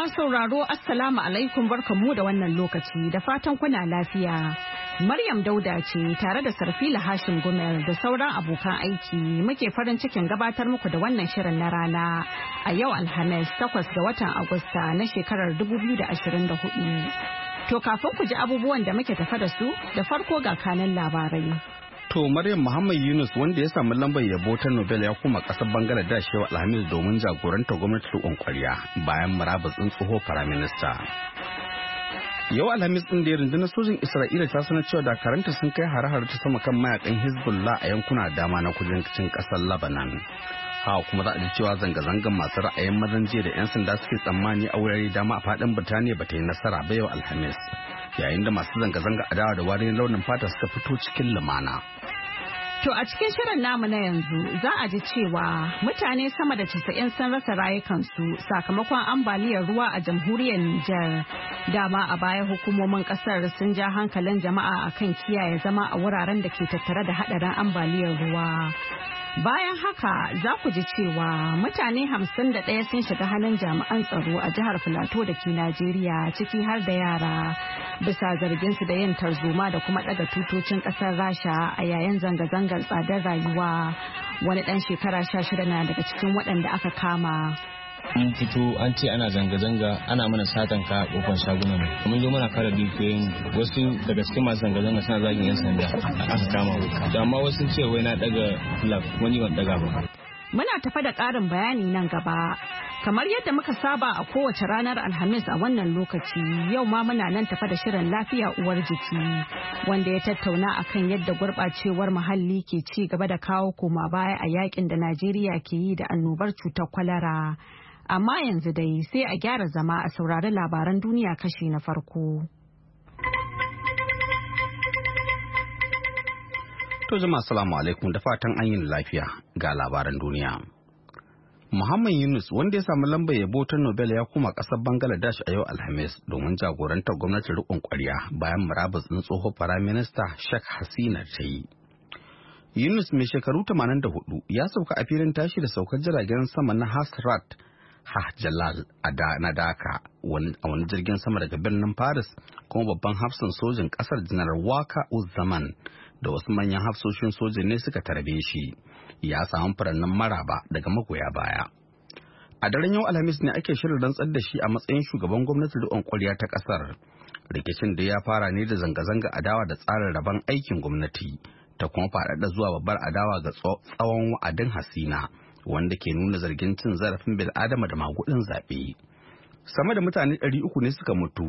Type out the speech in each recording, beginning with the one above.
masu sauraro Assalamu alaikum barkamu da wannan lokaci da fatan kuna lafiya. Maryam Dauda ce tare da Sarfila Hashim Gumel da sauran abokan aiki muke farin cikin gabatar muku da wannan shirin na rana a yau Alhamis 8 ga watan Agusta na shekarar 2024. To kafin ku ji abubuwan da muke tafa da su da farko ga kanan labarai. To Maryam Muhammad Yunus wanda ya samu lambar yabo ta Nobel ya koma kasar Bangaladesh yau Alhamis domin jagoranta gwamnati rikon bayan bayan murabutsin tsoho faraminista. Yau Alhamis ɗin da ya rundunar sojin Isra'ila ta sanar cewa dakaranta sun kai hare-hare ta sama kan mayakan Hezbollah a yankuna dama na kudancin kasar Lebanon. hawa kuma za a ji cewa zanga zangan masu ra'ayin mazan jiya da 'yan sanda suke tsammani a wurare dama a faɗin Birtaniya ba ta yi nasara ba yau Alhamis. yayin da masu zanga-zanga a dawa da warin launin fata suka fito cikin lumana. To a cikin shirin namu na yanzu za a ji cewa mutane sama da casa'in sun rasa rayukansu sakamakon ambaliyar ruwa a jamhuriyar Nijar. Dama a baya hukumomin kasar sun ja hankalin jama'a akan kiyaye zama a wuraren da ke tattare da haɗarin ambaliyar ruwa. Bayan haka za ku ji cewa mutane hamsin da ɗaya sun shiga hannun jami'an tsaro a jihar Filato da ke Najeriya ciki har da yara bisa zarginsu da yin tarzoma da kuma ɗaga tutocin ƙasar Rasha a yayin zanga-zangar tsadar rayuwa wani ɗan shekara sha shida na daga cikin waɗanda aka kama. an fito an ce ana zanga-zanga ana mana satan ka kofar shaguna mu kuma zo muna kare dukiyoyin wasu daga cikin masu zanga-zanga suna zagin yan sanda aka kama da amma wasu ce wai na daga lab wani ban daga ba muna tafa da ƙarin bayani nan gaba kamar yadda muka saba a kowace ranar alhamis a wannan lokaci yau ma muna nan tafa da shirin lafiya uwar jiki wanda ya tattauna akan yadda gurɓacewar muhalli ke ci gaba da kawo koma baya a yakin da najeriya ke yi da annobar cutar kwalara Amma yanzu dai sai a gyara zama a saurari labaran duniya kashi na farko. To zama salamu alaikum da fatan an yin lafiya ga labaran duniya. Muhammad Yunus wanda ya samu lambar yabo ta Nobel ya koma ƙasar Bangladesh a yau Alhamis domin jagorantar gwamnatin riƙon ƙwarya bayan murabus ɗin tsohon faraminista Sheikh Hasina ta yi. Yunus mai shekaru 84 ya sauka a filin tashi da saukar jiragen sama na Hasrat Jalal na Daka a wani jirgin sama daga birnin Paris kuma babban hafsan sojin kasar janar Waka Uzzaman da wasu manyan hafsoshin sojin ne suka tarbe shi ya samu farannin maraba daga magoya baya. A daren yau Alhamis ne ake shirin rantsar da shi a matsayin shugaban gwamnati riƙon ƙwarya ta ƙasar. Rikicin da ya fara ne da zanga-zanga adawa da tsarin rabon aikin gwamnati ta kuma faɗaɗa zuwa babbar adawa ga tsawon wa'adin hasina wanda ke nuna zargin cin zarafin bil'adama da magudin zaɓe. Sama da mutane ɗari uku ne suka mutu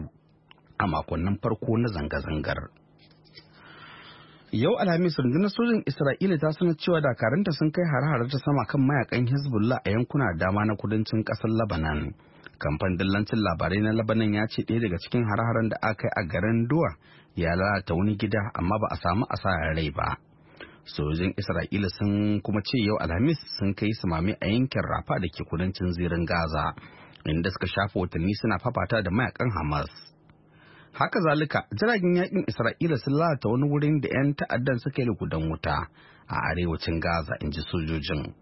a makonnin farko na zanga-zangar. Yau Alhamis rundunar sojin Isra'ila ta sanar cewa dakaranta sun kai hare-hare ta sama kan mayakan Hezbollah a yankuna dama na kudancin ƙasar Labanan. Kamfan dillancin labarai na Labanan ya ce ɗaya daga cikin hare-haren da aka yi a garin duwa ya lalata wani gida amma ba a samu asarar rai ba. sojojin isra'ila sun kuma ce yau alhamis sun kai samami a yankin rafa da ke kudancin zirin gaza inda suka shafa watanni suna fafata da mayakan hamas haka zalika jiragen yakin isra'ila sun lalata wani wurin da 'yan ta'addan suka yi gudan wuta a arewacin gaza in ji sojojin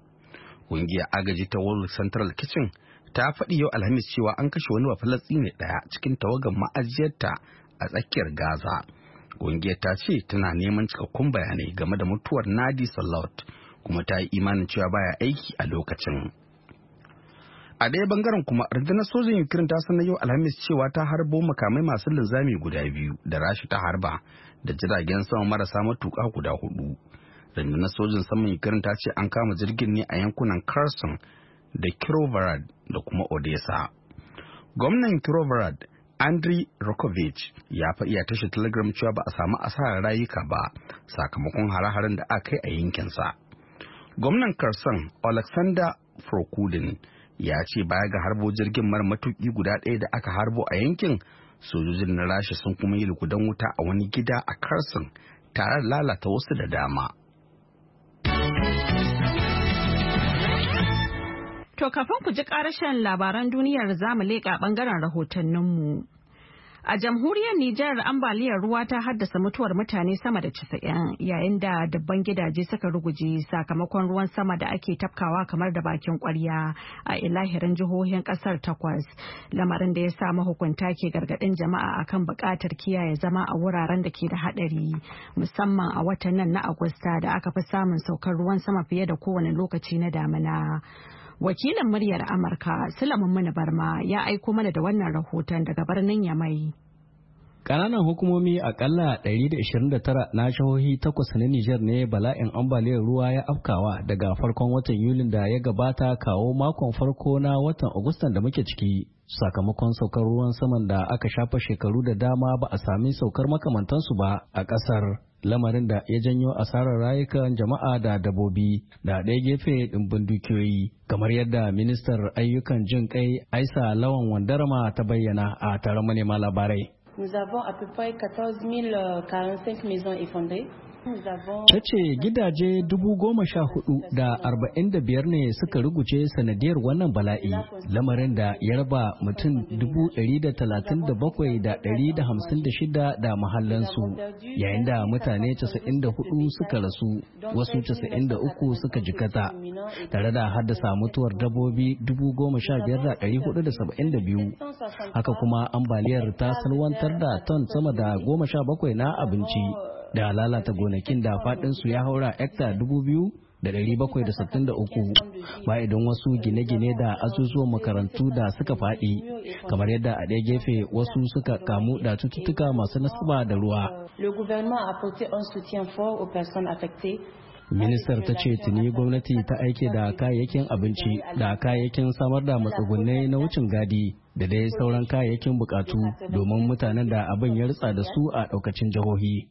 ƙungiyar agaji ta world central kitchen ta faɗi yau alhamis cewa an kashe wani bafalatsi ne ɗaya cikin tawagan ma'ajiyarta a tsakiyar gaza Ƙungiyar ta ce tana neman cikakkun bayanai game da mutuwar Nadi Salaut kuma ta yi imanin cewa baya aiki a lokacin. A ɗaya bangaren kuma rundunar sojin Ukraine ta sanar yau Alhamis cewa ta harbo makamai masu linzami guda biyu da rashi ta harba da jiragen sama marasa matuƙa guda hudu. Rundunar sojin saman Ukraine ta ce an kama jirgin ne a yankunan Kherson da Kirovarad da kuma Odessa. Gwamnan Kirovarad Andriy Rokovich ya faɗi a tashar Telegram cewa ba a samu asarar rayuka ba sakamakon hare-haren da aka yi a yankinsa. Gwamnan Karsan Alexander Prokudin ya ce baya ga harbo jirgin mara matuki guda ɗaya da aka harbo a yankin sojojin na rasha sun kuma yi lukudan wuta a wani gida a Karsan tare da lalata wasu da dama. To kafin ku ji karashen labaran duniyar zamu leƙa ɓangaren rahotanninmu. A jamhuriyar Nijar ambaliyar ruwa ta haddasa mutuwar mutane sama da casa'in yayin da dabban gidaje suka ruguje sakamakon ruwan sama da ake tafkawa kamar da bakin kwarya a ilahirin jihohin kasar takwas lamarin da ya sa mahukunta ke gargadin jama'a akan bukatar kiyaye zama a wuraren da ke da hadari musamman a watan nan na Agusta da aka fi samun saukar ruwan sama fiye da kowane lokaci na damina. Wakilin muryar Amurka Sulaiman mana Barma ya aiko mana da wannan rahoton daga birnin Yamai. Ƙananan hukumomi akalla 129 na shahohi takwas na Nijar ne bala'in ambaliyar ruwa ya afkawa daga farkon watan Yulin da ya gabata kawo makon farko na watan Agustan da muke ciki. Sakamakon saukar ruwan saman da aka shafa shekaru da dama ba a sami saukar makamantansu ba a ƙasar. lamarin da ya janyo asarar rayukan jama'a da dabobi da ɗaya gefe ɗimbin dukiyoyi kamar yadda ministar ayyukan jin kai aisa lawan wandarma ta bayyana a tare manema labarai Nous avons à peu près 14 045 euh, maisons effondrées. Ta ce gidaje dubu goma sha hudu da arba'in da biyar ne suka ruguje sanadiyar wannan bala'i, lamarin da ya raba mutum dubu ɗari da talatin da bakwai da ɗari da hamsin da shida da mahallansu, yayin da mutane casa'in da hudu suka rasu, wasu casa'in da uku suka jikata, tare da haddasa mutuwar dabbobi dubu goma sha biyar da ɗari hudu da saba'in da biyu. Haka kuma ambaliyar ta salwantar da ton sama da goma sha bakwai na abinci. da lalata gonakin da faɗinsu ya haura hekta dubu biyu da ɗari bakwai da sittin da uku ba idan wasu gine-gine da asusuwan makarantu da suka faɗi kamar yadda a ɗaya gefe wasu suka kamu da cututtuka masu nasaba da ruwa. Le gouvernement a porté un soutien fort aux personnes affectées ministar ta ce tuni gwamnati ta aike da kayayyakin abinci da kayayyakin samar da matsugunai na wucin gadi da dai sauran kayayyakin bukatu domin mutanen da abin ya ritsa da su a daukacin jihohi.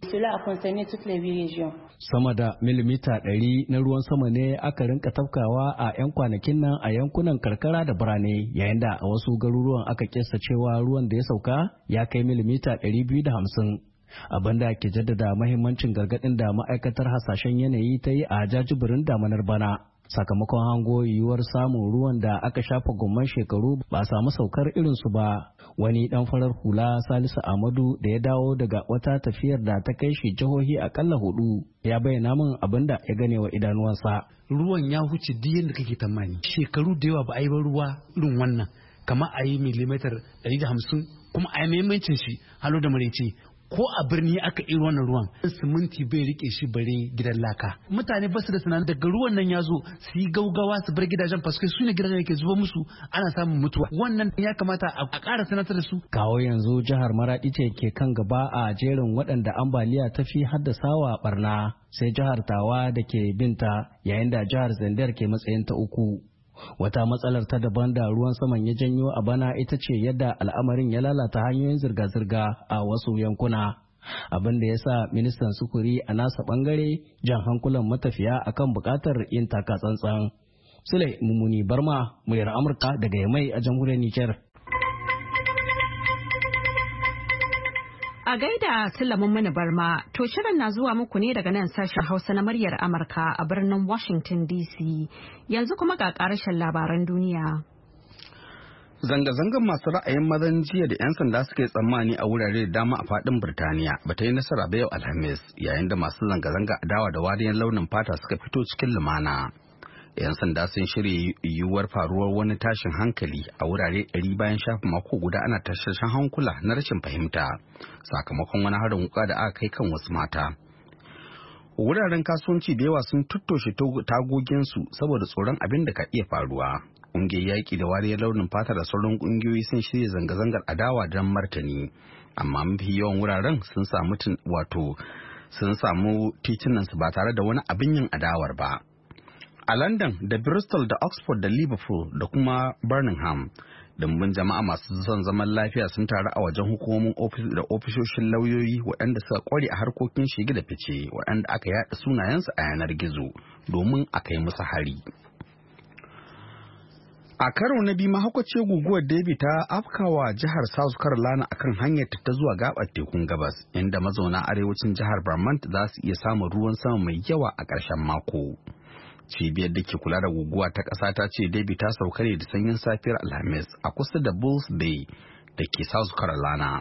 Sama da milimita ɗari na ruwan sama ne aka rinka tafkawa a 'yan kwanakin nan a yankunan karkara da birane yayin da a wasu garuruwan aka kesa cewa ruwan da ya sauka ya kai milimita ɗari biyu da hamsin abin da ke jaddada mahimmancin gargaɗin da ma'aikatar hasashen yanayi ta yi a jajibirin damanar bana sakamakon hango yiwuwar samun ruwan da aka shafa gomman shekaru ba samu saukar irinsu ba wani dan farar hula salisu amadu da ya dawo daga wata tafiyar da ta kai shi jihohi akalla hudu ya bayyana min abin da ya gane wa idanuwansa ruwan ya huce duk yadda kake tamani shekaru da yawa ba a yi ba ruwa irin wannan kama a yi milimetar 150 kuma a yi shi halo da maraice ko a birni aka iri wannan ruwan siminti bai rike shi bare gidan laka mutane basu da tunanin daga ruwan nan ya zo su yi gaugawa su bar gidajen faske su ne gidajen ke zuba musu ana samun mutuwa wannan ya kamata a ƙara sanatar da su kawo yanzu jihar maradi ce ke kan gaba a jerin waɗanda ambaliya ta fi haddasawa barna sai jihar tawa da ke binta yayin da jihar zandar ke matsayin ta uku Wata matsalar ta daban da ruwan saman ya janyo a bana ita ce yadda al'amarin ya lalata hanyoyin zirga-zirga a wasu yankuna. Abin da ya sa ministan sukuri a nasa bangare jan hankulan matafiya akan bukatar yin taka tsantsan. Sule Barma, muryar Amurka daga Yamai a jamhuriyar Nijar. gaida sulamin mana barma, to shirin na zuwa muku ne daga nan sashen Hausa na muryar Amurka a birnin Washington DC. Yanzu kuma ga karashen labaran duniya. zanga zangan masu ra'ayin mazan jiya da 'yan sanda suka yi tsammani a wurare da dama a faɗin Birtaniya ba ta yi nasara ba yau Alhamis yayin da masu zanga-zanga adawa da wariyar launin fata suka fito cikin lumana. 'yan sanda sun shirya yiwuwar faruwar wani tashin hankali a wurare ɗari bayan shafa mako guda ana tashashen hankula na rashin fahimta sakamakon wani harin wuka da aka kai kan wasu mata wuraren kasuwanci da yawa sun tuttoshe tagoginsu saboda tsoron abin da ka iya faruwa ƙungiyar yaƙi da wariyar launin fata da sauran ƙungiyoyi sun shirya zanga-zangar adawa don martani amma mafi yawan wuraren wato sun samu titunansu ba tare da wani abin yin adawar ba a london da bristol da oxford da liverpool da kuma birmingham dimbin jama'a masu son zaman lafiya sun taru a wajen hukumomin da ofishoshin lauyoyi waɗanda suka kware a harkokin shige da fice waɗanda aka yaɗa sunayensu a yanar gizo domin a kai musu hari a karo na biyu mahaukaci guguwar David ta afkawa jihar south carolina akan hanyar ta zuwa gabar tekun gabas inda mazauna arewacin jihar vermont za su iya samun ruwan sama mai yawa a ƙarshen mako. cibiyar da ke kula da guguwa ta ƙasa ta ce debbie ta sauka ne da sanyin safiyar alhamis a kusa da bulls bay da ke south carolina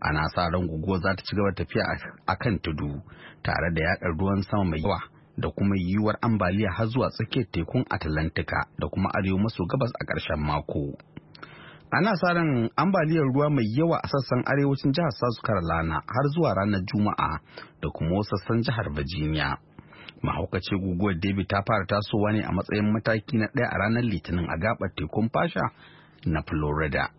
ana sa ran guguwa za ta ci gaba tafiya a kan tudu tare da yaɗa ruwan sama mai yawa da kuma yiwuwar ambaliya har zuwa tsakiyar tekun atlantika da kuma arewa maso gabas a ƙarshen mako ana sa ran ambaliyar ruwa mai yawa a sassan arewacin jihar south carolina har zuwa ranar juma'a da kuma wasu sassan jihar virginia Mahaukacin guguwar david ta fara tasowa ne a matsayin mataki na ɗaya a ranar litinin a gabar tekun fasha na florida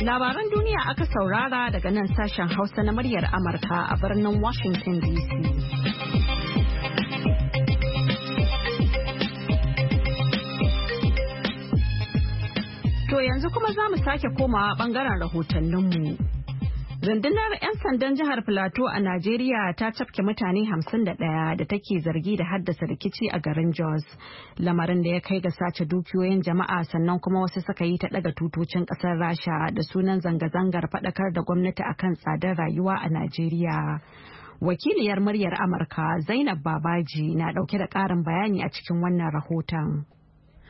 labaran duniya aka saurara daga nan sashen hausa na muryar amurka a birnin washington dc To yanzu kuma za mu sake komawa bangaren rahotanninmu. Rundunar 'yan sandan jihar Filato a Najeriya ta cafke mutane 51 da take zargi da haddasa rikici a garin Jos. Lamarin da ya kai ga sace dukiyoyin jama'a sannan kuma wasu suka yi ta daga tutocin kasar Rasha da sunan zanga-zangar fadakar da gwamnati akan tsadar rayuwa a Najeriya. Wakiliyar muryar Amurka Zainab Babaji na dauke da karin bayani a cikin wannan rahoton.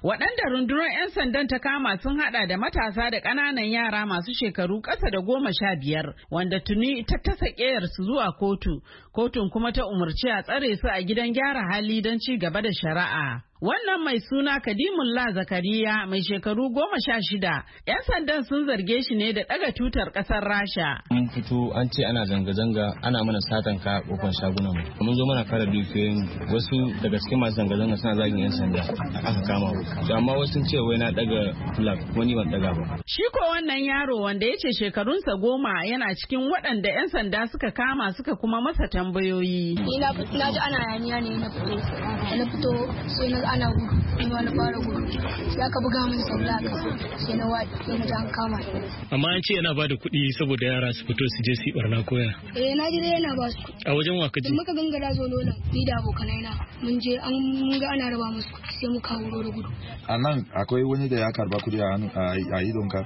Waɗanda rundunar 'yan sandan ta kama sun haɗa da matasa da ƙananan yara masu shekaru ƙasa da goma sha biyar wanda tuni ta tasa ƙeyarsu zuwa kotu, kotun kuma ta umarci a tsare su a gidan gyara hali don ci gaba da shari'a. Wannan mai suna Kadimullah Zakariya mai shekaru goma sha shida, 'yan sandan sun zarge shi ne da ɗaga tutar ƙasar Rasha. Mun fito an ce ana zanga-zanga ana mana satan ka kofar shagunan. Mun zo mana kare dukiyoyin wasu daga cikin masu zanga-zanga suna zagin 'yan sanda aka kama wasu. Amma wasu ce wai na ɗaga flag wani ban ɗaga ba. Shi ko wannan yaro wanda ya ce shekarunsa goma yana cikin waɗanda 'yan sanda suka kama suka kuma masa tambayoyi. Ni na ji ana yaniya ne na fito. Na fito einer kuma na fara gudu sai buga min saula sai yana wadi yana da kama amma an ce yana ba da kuɗi saboda yara su fito su je su barna koya eh na ji dai yana ba su a wajen wa kaji muka gangara zo lola ni da abokanai na mun je an mun ga ana raba musu kuɗi sai muka wuro da gudu a nan akwai wani da ya karba kuɗi a hannu a idon ka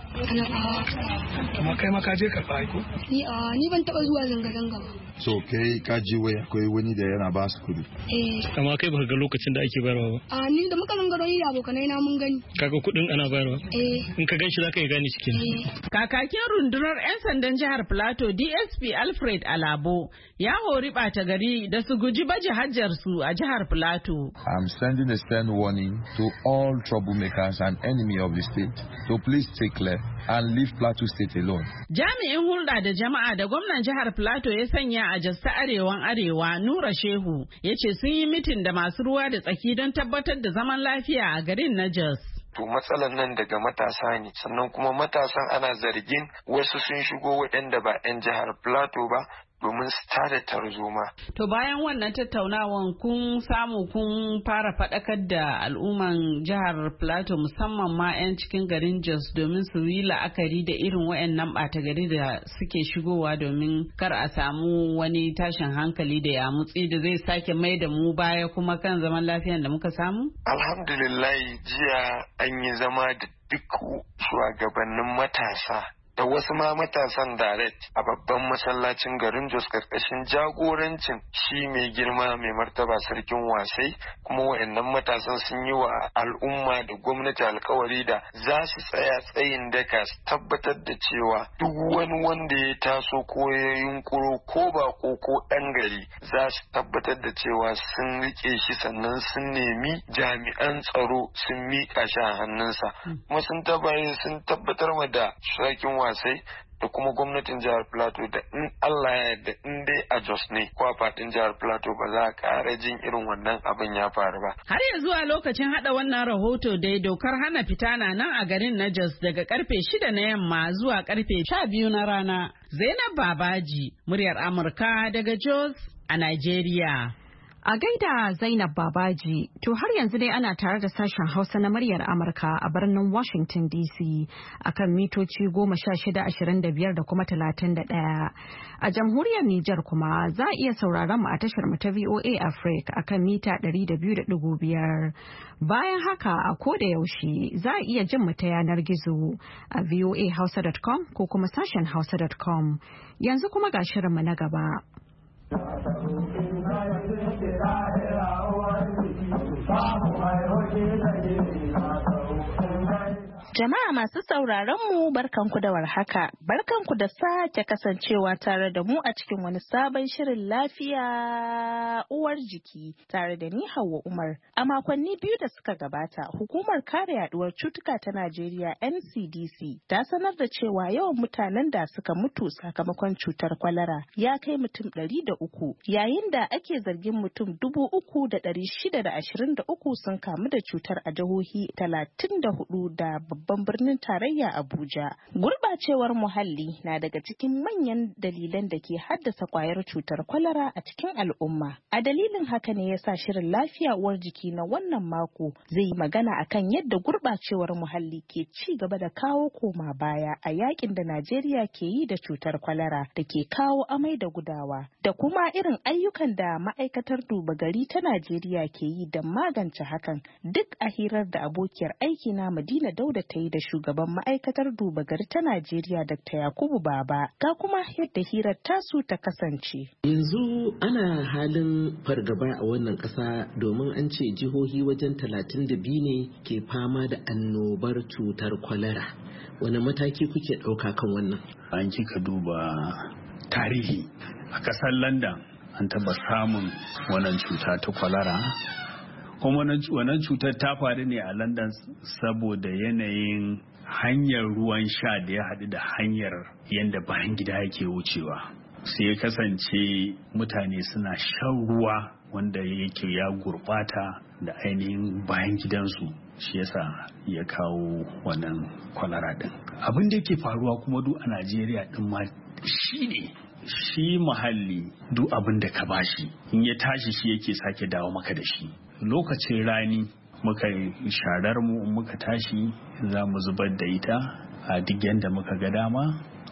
kuma kai ma ka je karba aiko ni a ni ban taba zuwa zanga zanga ba so kai ka ji wai akwai wani da yana ba su kuɗi eh amma kai baka ga lokacin da ake bayarwa ba a ni da muka mun gano abokanai na mun gani. Kaga kuɗin ana bayarwa? Eh. In ka gan shi za ka yi gane cikin. Eh. Kakakin rundunar 'yan sandan jihar Plateau DSP Alfred Alabo ya hori ɓata gari da su guji baje hajjarsu a jihar Plateau. I'm sending a stern warning to all troublemakers and enemy of the state to please take clear and leave Plateau state alone. Jami'in hulɗa da jama'a da gwamnan jihar Plateau ya sanya a jasta arewan arewa Nura Shehu ya ce sun yi mitin da masu ruwa da tsaki don tabbatar da zaman lafiya a garin na Jos. to matsalan nan daga matasa ne sannan kuma matasan ana zargin wasu sun shigo waɗanda ba 'yan jihar plateau ba domin su tada tarzoma. To bayan wannan tattaunawan kun samu kun fara faɗakar da al'umman jihar Plateau musamman ma 'yan cikin garin Jos domin su yi la'akari da irin wayannan ɓata gari da suke shigowa domin kar a samu wani tashin hankali da ya mutsi da zai sake mai da mu baya kuma kan zaman lafiyan da muka samu? Alhamdulillah jiya an yi zama da duk shugabannin matasa da wasu ma matasan direct a babban masallacin garin Jos karkashin jagorancin shi mai girma mai martaba sarkin wasai kuma wa'annan matasan sun yi wa al'umma da gwamnati alkawari da za su tsaya tsayin daka su tabbatar da cewa duk wani wanda ya taso ko ya yunkuro ko ba ko ko ɗan gari za su tabbatar da cewa sun rike shi sannan sun nemi jami'an tsaro sun miƙa shi a hannunsa kuma sun tabbatar da sarkin wasai sai da kuma gwamnatin jihar plateau da in allah ya yarda in dai a jos ne ko a fadin jihar plateau ba za a kara jin irin wannan abin ya faru ba har yanzu a lokacin haɗa wannan rahoto ya dokar hana fita na nan a garin na jos daga karfe shida na yamma zuwa karfe sha biyu na rana zainab babaji muryar amurka daga jos a nigeria A gaida Zainab Babaji, to har yanzu dai ana tare da sashen Hausa na muryar Amurka a birnin Washington DC akan mitoci goma sha shida da biyar da kuma talatin da ɗaya. A jamhuriyar Nijar kuma za a iya sauraron mu a tashar mu ta VOA Africa akan mita ɗari da biyu da biyar. Bayan haka a ko da yaushe za a iya jin mu ta yanar gizo a voahausa.com ko kuma sashen hausa.com. Yanzu kuma ga shirinmu na gaba. Jama'a masu sauraron mu barkanku da warhaka, barkanku da sake kasancewa tare da mu a cikin wani sabon shirin lafiya uwar jiki tare da ni Hauwa Umar. A makonni biyu da suka gabata, hukumar kare yaduwar cutuka ta Najeriya NCDC ta sanar da cewa yawan mutanen da suka mutu sakamakon cutar kwalara ya kai mutum ɗari da uku, yayin da ake zargin mutum dubu uku da ɗari shida da ashirin da uku sun kamu da cutar a jihohi talatin da hudu da babban birnin tarayya Abuja. Gurbacewar muhalli na daga cikin manyan dalilan da ke haddasa kwayar cutar kwalara a cikin al'umma. A dalilin haka ne ya sa shirin lafiya uwar jiki na wannan mako zai yi magana akan yadda gurbacewar muhalli ke ci gaba da kawo koma baya a yakin da Najeriya ke yi da cutar kwalara da ke kawo amai da gudawa da kuma irin ayyukan da ma'aikatar duba gari ta Najeriya ke yi da magance hakan duk a hirar da abokiyar aiki na Madina Dauda ta yi da shugaban ma'aikatar duba gari ta Najeriya Dr. Yakubu Baba ga kuma yadda hirar tasu ta kasance. Yanzu ana halin fargaba a wannan ƙasa domin an ce jihohi wajen 32 ne ke fama da annobar cutar kwalara. Wani mataki kuke ɗauka kan wannan? An kika duba tarihi a ƙasar London an taɓa samun wannan cuta ta kwalara kuma wannan cutar ta faru ne a london saboda yanayin hanyar ruwan sha da ya haɗu da hanyar yadda bayan gida yake wucewa sai ya kasance mutane suna shan ruwa wanda yake ya gurɓata da ainihin bayan gidansu shi yasa ya kawo wannan kwalara ɗin abin da yake faruwa kuma duk a najeriya ɗin ma shi ne shi muhalli duk abin da ka bashi in ya tashi shi yake sake dawo maka da shi lokacin rani muka sharar mu muka tashi za mu zubar da ita a duk yadda muka ga dama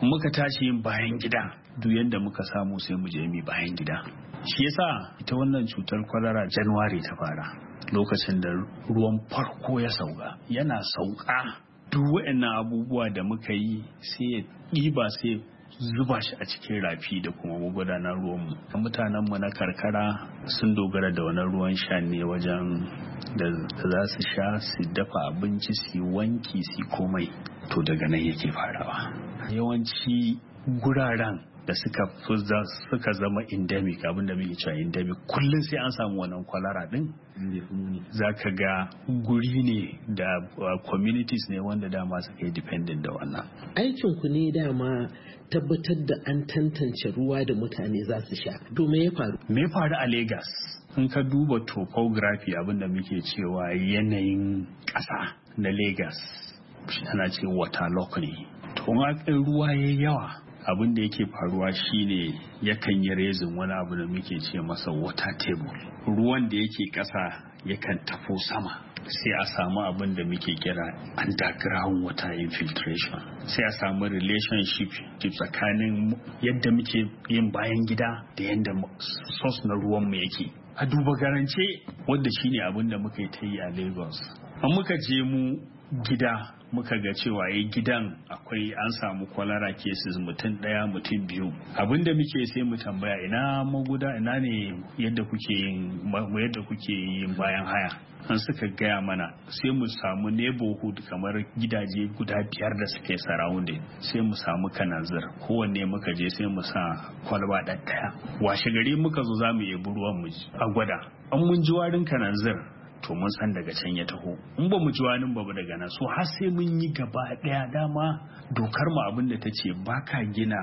muka tashi yin bayan gida duk yadda muka samu sai mu je mi bayan gida shi yasa ita wannan cutar kwalara januwari ta fara lokacin da ruwan farko ya sauka yana sauka duk waɗannan abubuwa da muka yi sai ya ɗiba sai zuba shi a cikin rafi da kuma magudanar ruwanmu mutanenmu na karkara sun dogara da wani ruwan sha ne wajen da za su sha su dafa abinci su wanki su komai to daga nan yake farawa yawanci guraren da suka suka zama endemic abinda muke cewa endemic kullum sai an samu wannan kwalara din za ka ga guri ne da uh, communities ne wanda dama suka yi dependent da wannan aikin ku ne dama tabbatar da an tantance ruwa da mutane za su sha to me ya faru me ya faru a Lagos in ka duba topography abinda muke cewa yanayin ƙasa na Lagos ana ce waterlock ne to ruwa yayi yawa abin da yake faruwa shine yakan yi rezin wani abu da muke ce masa water table ruwan da yake ƙasa yakan tafo sama sai a samu abin da muke kira underground water infiltration sai a samu relationship tsakanin yadda muke yin bayan gida da yadda sos na ruwanmu yake a duba garance wanda shine abin da muka yi ta yi a lagos an muka je mu gida muka ga cewa ya eh, gidan akwai an samu kwalara cases mutum daya mutum biyu abinda muke sai mu tambaya ina maguda ina ne yadda kuke yin yadda kuke yin bayan haya an suka gaya mana sai mu samu neighborhood kamar gidaje guda biyar da suke surrounding sai mu samu kananzir kowanne muka je sai mu sa kwalba ɗaya washe gari muka zo zamu mu yi ruwan mu a gwada an mun ji warin kananzir to mun san daga can ya taho in ba mu ji wani babu daga nan so har sai mun yi gaba daya dama dokar mu abin da ta ce ba gina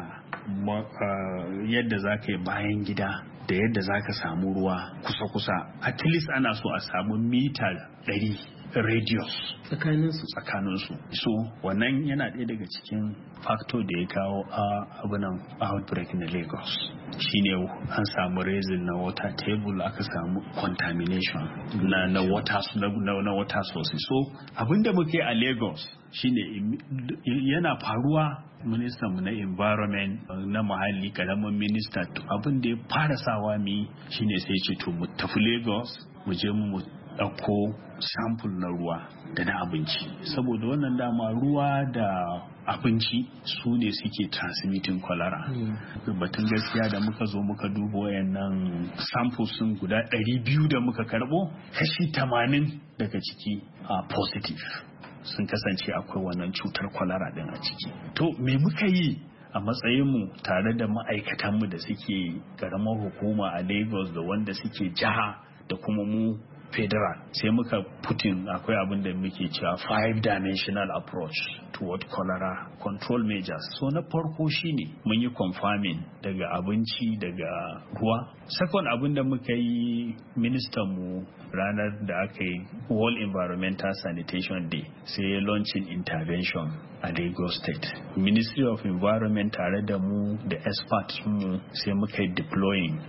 yadda za ka yi bayan gida da yadda za ka samu ruwa kusa-kusa at least ana so a samu mita ɗari radius tsakaninsu tsakaninsu so wannan yana ɗaya daga cikin factor da ya kawo a abunan outbreak na lagos shine an samu resin na water table aka samu contamination na na water na, na water sources so abinda muke a Lagos shine yana faruwa ministan mu na environment na muhalli karamin minista abin da ya fara sawa mi shine sai ce to mu tafi Lagos mu je mu ɗauko samfur na ruwa da na abinci saboda wannan dama ruwa da abinci su ne suke transmitting cholera hmm. batun gaskiya da muka zo muka duba wayannan sampul sun guda 200 da muka karbo kashi 80 daga ciki a ah, positive sun kasance akwai wannan cutar kwalara din a ciki to me muka yi a matsayinmu tare da ma'aikatanmu da suke karamar hukuma a lagos da wanda suke jiha da kuma mu federal sai muka putin akwai abin da muke cewa five dimensional approach toward cholera control measures so na farko shine mun yi confirming daga abinci daga ruwa second abin da muka yi ministan mu ranar da aka yi world environmental sanitation day sai launching intervention a lagos state ministry of environment tare da mu da experts mu sai muka yi deploying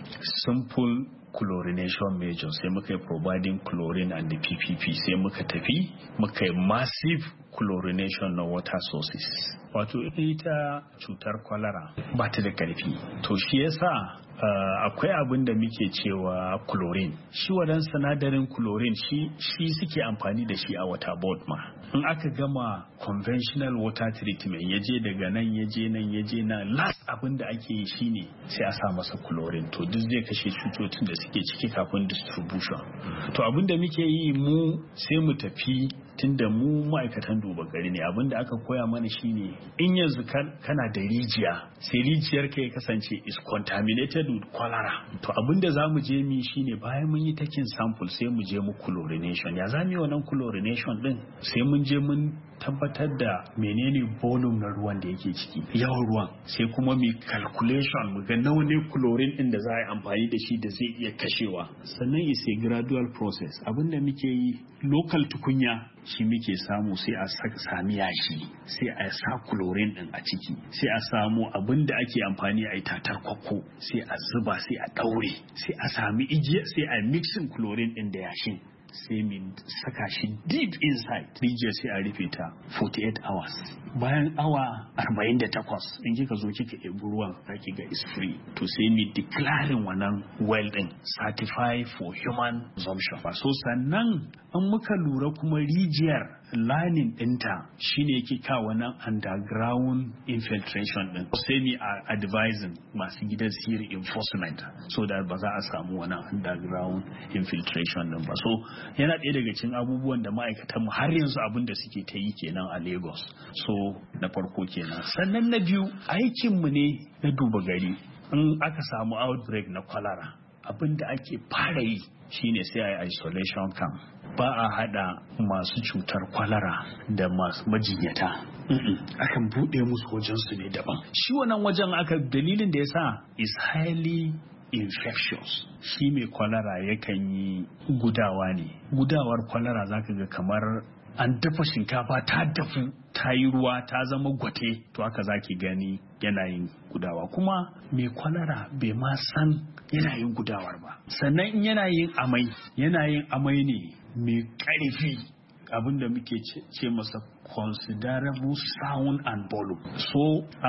simple chlorination major sai muka yi providing chlorine and the ppp sai muka tafi muka yi massive chlorination na water sources wato ita cutar cholera. ba ta da karfi to shi yasa Eh, akwai abin da muke cewa chlorine shi wadan sinadarin chlorine shi suke amfani da shi a water board ma in aka gama conventional water treatment ya je daga nan ya je nan ya je nan last abin da ake yi shine sai a sa masa chlorine to duk zai kashe cutocin da suke ciki kafin distribution to abin da muke yi mu sai mu tafi tunda mu ma'aikatan duba gari ne abin da aka koya mana shine in yanzu kana da rijiya sai rijiyar ka ya kasance is contaminated with cholera to abin da mu je mi shine bayan mun yi takin sample sai mu je mu chlorination ya za mu yi wannan chlorination din sai mun je mun tabbatar da menene volume na ruwan da yake ciki yawan ruwan sai kuma mu calculation mu ga nawa ne chlorine din da za a yi amfani da shi da zai iya kashewa sannan is gradual process abin da muke yi local tukunya shi muke samu sai a sami yashi sai a sa chlorine din a ciki sai a samu abin da ake amfani a yi tatar kwakko sai a zuba sai a daure sai a sami igiya sai a mixing chlorine din da yashin sai mu saka shi deep inside rijiya sai a rufe ta 48 hours bayan awa 48 in kika zo kika ebi ruwan zaki ga is free to sai mu declaring wannan well din certified for human consumption so sannan an muka lura kuma rijiyar lining ɗinta shine yake ka wannan underground infiltration ɗin sai advising masu gidan siri enforcement so da ba za a samu wannan underground infiltration ɗin ba so yana ɗaya daga cikin abubuwan da ma'aikatan mu har yanzu abin da suke ta yi kenan a Lagos so na farko kenan sannan na biyu aikin mu ne na duba gari in aka samu outbreak na kwalara abin da ake fara yi shine sai a yi isolation camp ba a hada masu cutar kwalara da masu majinyata akan bude musu wajensu ne daban shi wannan wajen aka dalilin da ya sa is highly infectious shi mai kwalara yakan yi gudawa ne gudawar kwalara zaka ga kamar an dafa shinkafa ta dafu ta yi ruwa ta zama gwate to haka zaki gani yanayin gudawa kuma mai kwalara bai ma san yanayin gudawar ba sannan yanayin amai yanayin amai ne mai ƙarfi abinda muke ce masa considerable sound and volume so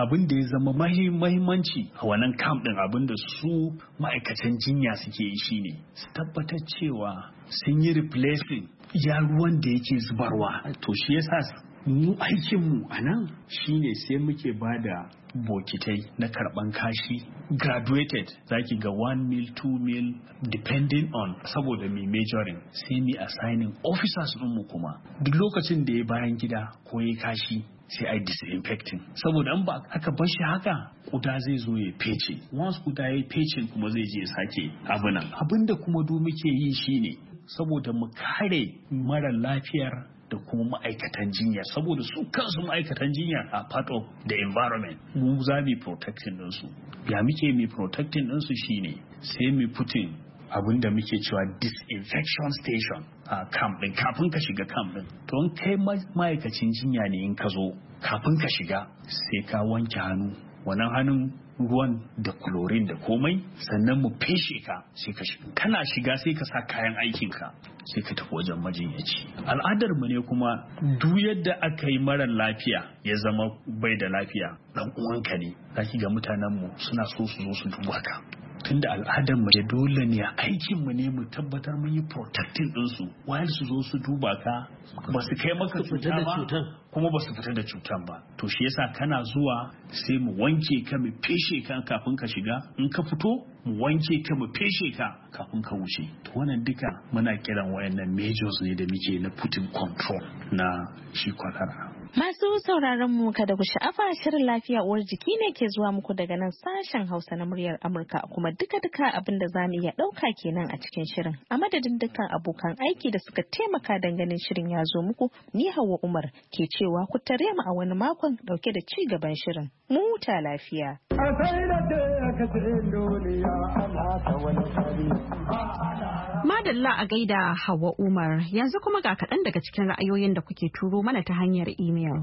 abin da ya zama mahimmanci a wannan camp din abin da su ma'aikatan jinya suke yi shine su tabbatar cewa sun yi replacing ya ruwan da yake zubarwa to shi yasa mu aikinmu a nan shine sai muke ba da bokitai na karban kashi graduated zaki ga 1 mil 2 mil depending on saboda mai majoring sai mai assigning officers mu kuma duk lokacin da ya bayan gida ko ya kashi sai ai disinfecting saboda an ba aka bar shi haka kuda zai zo ya fece once kuda ya fece kuma zai je ya sake abinan abinda kuma du muke yi shine saboda mu kare mara lafiyar da kuma ma'aikatan jinya saboda su kansu ma'aikatan jinya a part of the environment mu za mu protecting ɗinsu ya muke mu protecting ɗinsu shine sai mu putin abin da muke cewa disinfection station a camp din kafin ka shiga camp din to in kai ma'aikacin jinya ne in ka zo kafin ka shiga sai ka wanke hannu wannan hannun ruwan da kulorin da komai sannan mu feshe ka sai ka shiga kana shiga sai ka sa kayan aikin ka sai ka tafi wajen majinyaci al'adar mu ne kuma duk yadda aka yi mara lafiya ya zama bai da lafiya dan uwanka ne zaki ga mutanen mu suna so su zo su duba ka tunda al'adar mu dole ne aikin mu ne mu tabbatar mun yi protecting din su while su zo su duba ka ba su kai maka cuta ba kuma ba su fita da cutar ba to shi yasa kana zuwa sai mu wanke ka mu feshe ka kafin ka shiga in ka fito mu wanke ka mu feshe ka kafin ka wuce to wannan duka muna kiran wayannan Majors ne da muke na putting control na shi kwalara. Masu sauraron mu kada ku sha'afa shirin lafiya uwar jiki ne ke zuwa muku daga nan sashen Hausa na muryar Amurka kuma duka-duka abin da zamu iya ɗauka kenan a cikin shirin. A madadin dukkan abokan aiki da suka taimaka ganin shirin ya zo muku ni Hauwa Umar ke cewa ku tare mu a wani makon dauke da ci gaban shirin. Mu ta lafiya. Madalla a gaida Hauwa Umar yanzu kuma ga kaɗan daga cikin ra'ayoyin da kuke turo mana ta hanyar imel.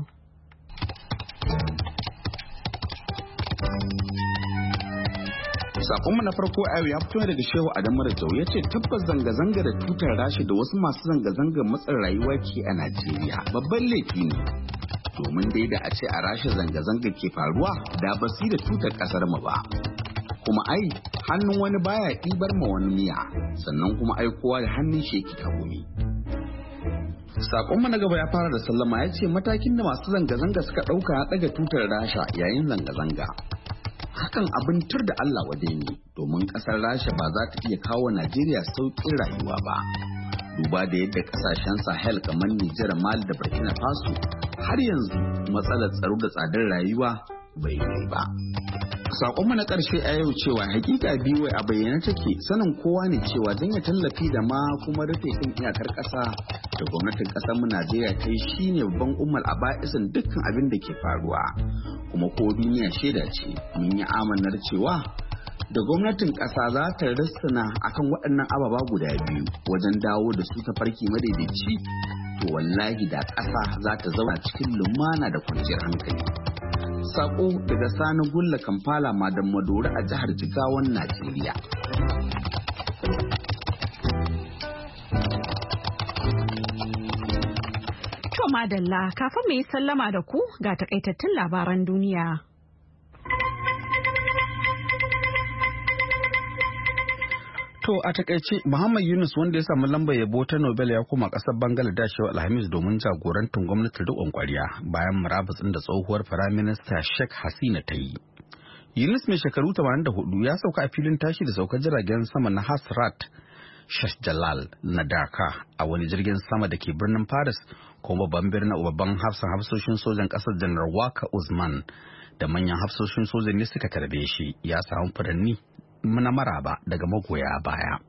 Sakon na farko ayo ya fito daga shehu adam marajau ya ce tabbas zanga-zanga da tutar rashi da wasu masu zanga-zangar matsin rayuwa ke a najeriya babban laifi ne domin dai da a ce a rashi zanga-zanga ke faruwa da basi da tutar kasar mu ba kuma ai hannun wani baya ɗibar ma wani miya sannan kuma ai kowa da hannun shi yake gumi. Sakonmu na gaba ya fara da sallama ya ce matakin da masu zanga-zanga suka ɗauka na ɗaga tutar rasha yayin zanga-zanga. Hakan abin tur da Allah waje ne domin ƙasar rasha ba za ta iya kawo Najeriya sauƙin rayuwa ba. Duba da yadda ƙasashen Sahel kamar Nijar Mali da Burkina Faso har yanzu matsalar tsaro da tsadar rayuwa bai yi ba. Sakonmu na ƙarshe a yau cewa hakika biyu a bayyana take sanin kowa ne cewa don tallafi da ma kuma rufe kan iyakar ƙasa da gwamnatin ƙasar mu Najeriya ta yi shine babban ummal a ba'isin dukkan abin da ke faruwa. Kuma ko duniya shaida ce mun yi amanar cewa da gwamnatin ƙasa za ta rissana akan waɗannan ababa guda biyu wajen dawo da su ta farki madaidaici to wallahi da ƙasa za ta zauna cikin lumana da kwanciyar hankali. Sako daga Sani Gulla Kampala Madan Maduri a jihar Jigawan Najeriya. To madalla kafin mu yi sallama da ku ga takaitattun labaran duniya. To a takaice Muhammad Yunus wanda ya samu lambar yabo ta Nobel ya koma kasar Bangladesh yau Alhamis domin jagorantar gwamnati riƙon kwariya bayan murabatsin da tsohuwar Firaminista Sheikh Hasina ta yi. Yunus mai shekaru 84 ya sauka a filin tashi da saukar jiragen sama na Hasrat Sheikh Jalal na Dhaka a wani jirgin sama da ke birnin Paris kuma babban birnin babban hafsan hafsoshin sojan ƙasar Janar Waka Usman da manyan hafsoshin sojan ne suka tarbe shi ya samu furanni na ba daga magoya baya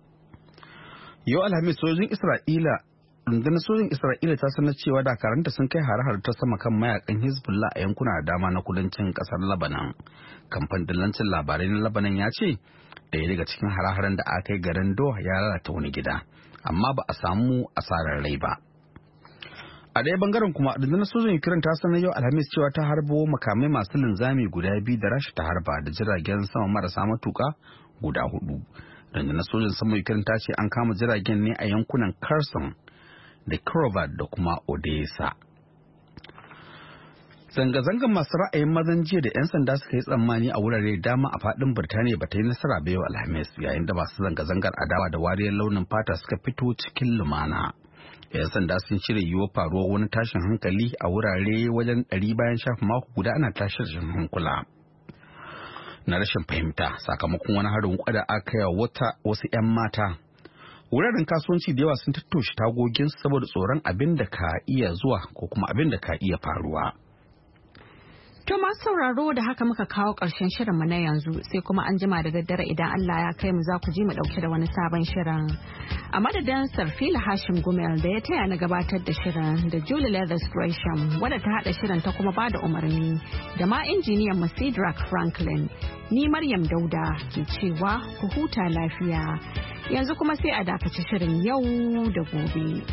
yau alhamis sojin isra'ila rundunar sojin isra'ila ta sanar cewa dakaranta sun kai har-har ta sama kan mayakan hezbollah a yankuna da dama na kudancin kasar labanan kamfan dillancin labarai na labanan ya ce ɗaya daga cikin har-haren da aka yi garin doha ya lalata wani gida amma ba a samu asarar rai ba a ɗaya bangaren kuma rundunar sojan ukraine ta sanar yau alhamis cewa ta harbo makamai masu linzami guda biyu da rasha ta harba da jiragen sama marasa matuka guda hudu rundunar sojan sama ukraine ta ce an kama jiragen ne a yankunan kherson da kirovad da kuma odessa zanga-zangar masu ra'ayin mazan jiya da 'yan sanda suka yi tsammani a wurare dama a fadin birtaniya ba ta yi nasara ba yau alhamis yayin da masu zanga-zangar adawa da wariyar launin fata suka fito cikin lumana yan sanda sun cire yiwuwar faruwar wani tashin hankali a wurare wajen ɗari bayan shafin mako guda ana tashin hankula na rashin fahimta sakamakon wani harin kwada aka yi wata wasu 'yan mata wuraren kasuwanci da yawa sun tattoshi tagogin saboda tsoron abin da ka iya zuwa ko kuma abin da ka iya faruwa To masu sauraro da haka muka kawo ƙarshen shirinmu na yanzu sai kuma an jima da daddare idan Allah ya kai mu za ku ji mu ɗauke da wani sabon shirin. A madadin Sarfila Hashim Gumel da ya taya na gabatar da shirin da Julie Leathers Gresham wadda ta haɗa shirin ta kuma ba da umarni da ma injiniyan mu Cedric Franklin. Ni Maryam Dauda ke cewa ku huta lafiya. Yanzu kuma sai a dakaci shirin yau da gobe.